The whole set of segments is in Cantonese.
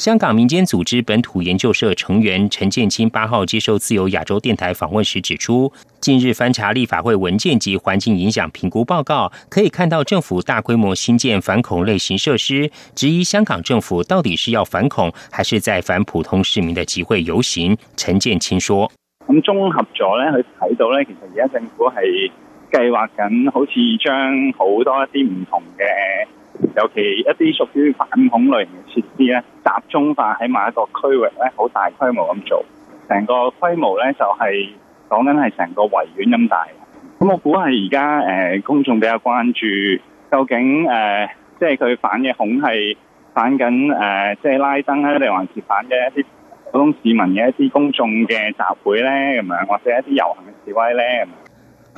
香港民間組織本土研究社成員陳建清八號接受自由亞洲電台訪問時指出，近日翻查立法會文件及環境影響評估報告，可以看到政府大規模新建反恐類型設施，質疑香港政府到底是要反恐，還是在反普通市民的集會遊行。陳建清說：咁綜合咗咧，佢睇到咧，其實而家政府係計劃緊，好似將好多一啲唔同嘅。尤其一啲屬於反恐類型嘅設施咧，集中化喺某一個區域咧，好大規模咁做，成個規模咧就係講緊係成個維園咁大。咁我估係而家誒公眾比較關注，究竟誒、呃、即係佢反嘅恐係反緊誒、呃、即係拉登咧，定還是反嘅一啲普通市民嘅一啲公眾嘅集會咧，咁樣或者一啲遊行嘅示威咧？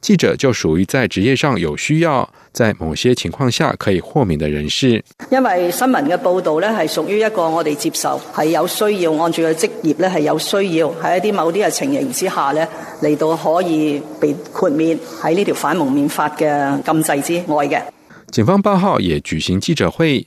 記者就屬於在職業上有需要，在某些情況下可以豁免的人士，因為新聞嘅報道呢係屬於一個我哋接受，係有需要按住嘅職業呢係有需要喺一啲某啲嘅情形之下呢嚟到可以被豁免喺呢條反蒙面法嘅禁制之外嘅。警方八號也舉行記者會。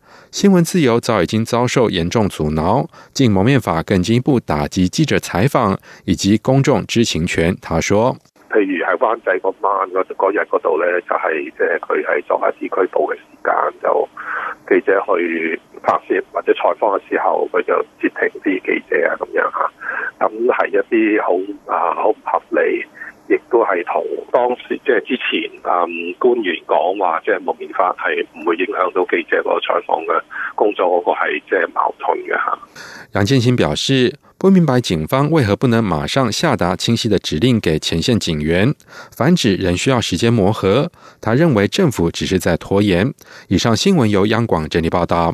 新聞自由早已經遭受嚴重阻撓，禁蒙面法更進一步打擊記者採訪以及公眾知情權。他說，譬如喺灣仔嗰晚嗰日嗰度咧，就係即係佢喺做下市區報嘅時間，就記者去拍攝或者採訪嘅時候，佢就截停啲記者啊，咁樣吓，咁係一啲好啊好唔合理。亦都係同當時即係之前嗯官員講話，即係《蒙面法》，係唔會影響到記者個採訪嘅工作，嗰、那個係即係矛盾嘅嚇。楊建新表示，不明白警方為何不能馬上下達清晰嘅指令給前線警員，反指仍需要時間磨合。他認為政府只是在拖延。以上新聞由央廣整理報導。